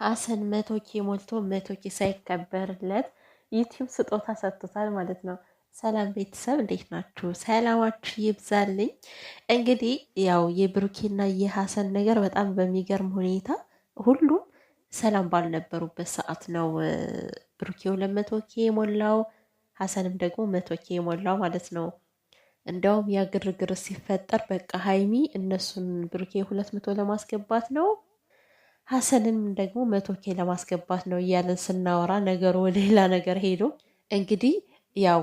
ሀሰን መቶ ኬ ሞልቶ መቶ ኬ ሳይከበርለት ዩቲዩብ ስጦታ ሰጥቶታል ማለት ነው። ሰላም ቤተሰብ እንዴት ናችሁ? ሰላማችሁ ይብዛልኝ። እንግዲህ ያው የብሩኬና የሀሰን ነገር በጣም በሚገርም ሁኔታ ሁሉም ሰላም ባልነበሩበት ሰዓት ነው ብሩኬው ለመቶ ኬ የሞላው ሀሰንም ደግሞ መቶ ኬ የሞላው ማለት ነው። እንደውም ያ ግርግር ሲፈጠር በቃ ሀይሚ እነሱን ብሩኬ ሁለት መቶ ለማስገባት ነው ሀሰንንም ደግሞ መቶ ኬ ለማስገባት ነው እያለን ስናወራ ነገሩ ሌላ ነገር ሄዶ እንግዲህ ያው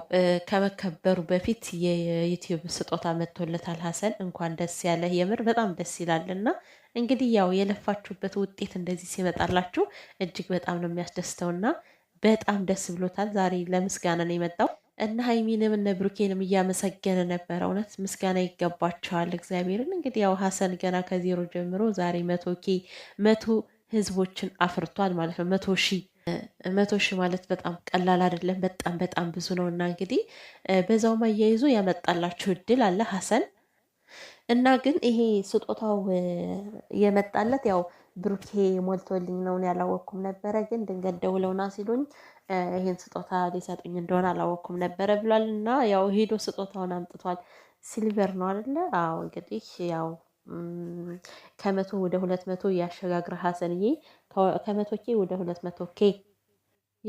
ከመከበሩ በፊት የዩቲዩብ ስጦታ መጥቶለታል። ሀሰን እንኳን ደስ ያለህ፣ የምር በጣም ደስ ይላል። እና እንግዲህ ያው የለፋችሁበት ውጤት እንደዚህ ሲመጣላችሁ እጅግ በጣም ነው የሚያስደስተውና በጣም ደስ ብሎታል። ዛሬ ለምስጋና ነው የመጣው። እና ሀይሚንም እነ ብሩኬንም እያመሰገነ ነበረ። እውነት ምስጋና ይገባቸዋል እግዚአብሔርን። እንግዲህ ያው ሀሰን ገና ከዜሮ ጀምሮ ዛሬ መቶ ኬ መቶ ህዝቦችን አፍርቷል ማለት ነው። መቶ ሺ መቶ ሺ ማለት በጣም ቀላል አይደለም። በጣም በጣም ብዙ ነው እና እንግዲህ በዛውም አያይዞ ያመጣላችሁ እድል አለ ሀሰን እና ግን ይሄ ስጦታው የመጣለት ያው ብሩኬ ሞልቶልኝ ነው ያላወቅኩም ነበረ፣ ግን ድንገት ደውለውና ሲሉኝ ይህን ስጦታ ሊሰጡኝ እንደሆነ አላወቅኩም ነበረ ብሏል። እና ያው ሄዶ ስጦታውን አምጥቷል። ሲልቨር ነው አይደለ? አዎ። እንግዲህ ያው ከመቶ ወደ ሁለት መቶ እያሸጋግረ ሀሰንዬ፣ ከመቶ ኬ ወደ ሁለት መቶ ኬ።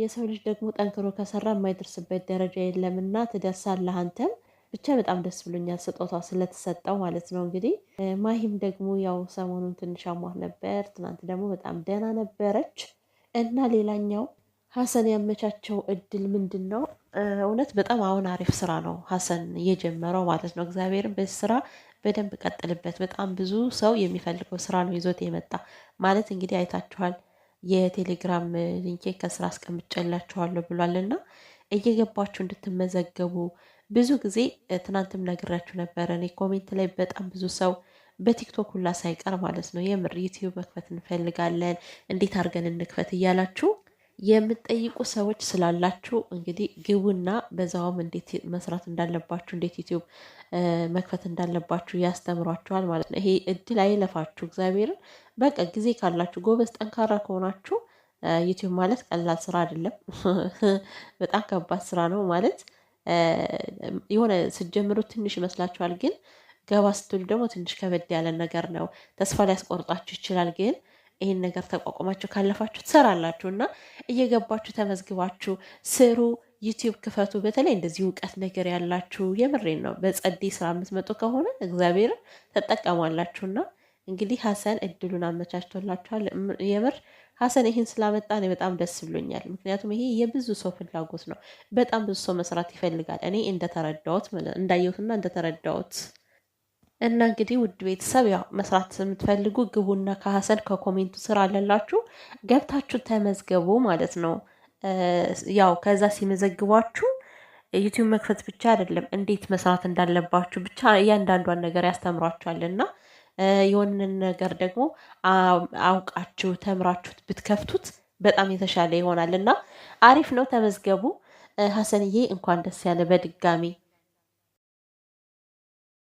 የሰው ልጅ ደግሞ ጠንክሮ ከሰራ የማይደርስበት ደረጃ የለምና ትደርሳለህ አንተም ብቻ በጣም ደስ ብሎኛል፣ ስጦታ ስለተሰጠው ማለት ነው። እንግዲህ ማሂም ደግሞ ያው ሰሞኑን ትንሽ አሟት ነበር፣ ትናንት ደግሞ በጣም ደህና ነበረች እና ሌላኛው ሀሰን ያመቻቸው እድል ምንድን ነው? እውነት በጣም አሁን አሪፍ ስራ ነው ሀሰን እየጀመረው ማለት ነው። እግዚአብሔርን በዚህ ስራ በደንብ ቀጥልበት። በጣም ብዙ ሰው የሚፈልገው ስራ ነው ይዞት የመጣ ማለት እንግዲህ አይታችኋል። የቴሌግራም ሊንኬ ከስራ ብሏል እና እየገባችሁ እንድትመዘገቡ ብዙ ጊዜ ትናንትም ነግራችሁ ነበረ። እኔ ኮሜንት ላይ በጣም ብዙ ሰው በቲክቶክ ሁላ ሳይቀር ማለት ነው የምር ዩትዩብ መክፈት እንፈልጋለን እንዴት አድርገን እንክፈት እያላችሁ የምትጠይቁ ሰዎች ስላላችሁ እንግዲህ ግቡና በዛውም እንዴት መስራት እንዳለባችሁ እንዴት ዩትዩብ መክፈት እንዳለባችሁ ያስተምሯችኋል ማለት ነው። ይሄ እድል አይለፋችሁ። እግዚአብሔርን በቃ ጊዜ ካላችሁ ጎበዝ፣ ጠንካራ ከሆናችሁ ዩትዩብ ማለት ቀላል ስራ አይደለም፣ በጣም ከባድ ስራ ነው ማለት የሆነ ስትጀምሩት ትንሽ ይመስላችኋል፣ ግን ገባ ስትሉ ደግሞ ትንሽ ከበድ ያለ ነገር ነው። ተስፋ ሊያስቆርጣችሁ ይችላል፣ ግን ይህን ነገር ተቋቁማችሁ ካለፋችሁ ትሰራላችሁ እና እየገባችሁ ተመዝግባችሁ ስሩ። ዩቲዩብ ክፈቱ። በተለይ እንደዚህ እውቀት ነገር ያላችሁ የምሬን ነው። በጸዴ ስራ የምትመጡ ከሆነ እግዚአብሔርን ተጠቀሟላችሁና እንግዲህ ሀሰን እድሉን አመቻችቶላችኋል የምር ሀሰን ይህን ስላመጣ እኔ በጣም ደስ ብሎኛል። ምክንያቱም ይሄ የብዙ ሰው ፍላጎት ነው። በጣም ብዙ ሰው መስራት ይፈልጋል። እኔ እንደተረዳሁት እንዳየሁትና እንደተረዳሁት እና እንግዲህ ውድ ቤተሰብ ያው መስራት የምትፈልጉ ግቡና ከሀሰን ከኮሜንቱ ስር አለላችሁ ገብታችሁ ተመዝገቡ ማለት ነው። ያው ከዛ ሲመዘግቧችሁ ዩቲዩብ መክፈት ብቻ አይደለም እንዴት መስራት እንዳለባችሁ ብቻ እያንዳንዷን ነገር ያስተምሯችኋልና የሆንን ነገር ደግሞ አውቃችሁ ተምራችሁት ብትከፍቱት በጣም የተሻለ ይሆናል እና አሪፍ ነው። ተመዝገቡ። ሀሰንዬ እንኳን ደስ ያለ በድጋሚ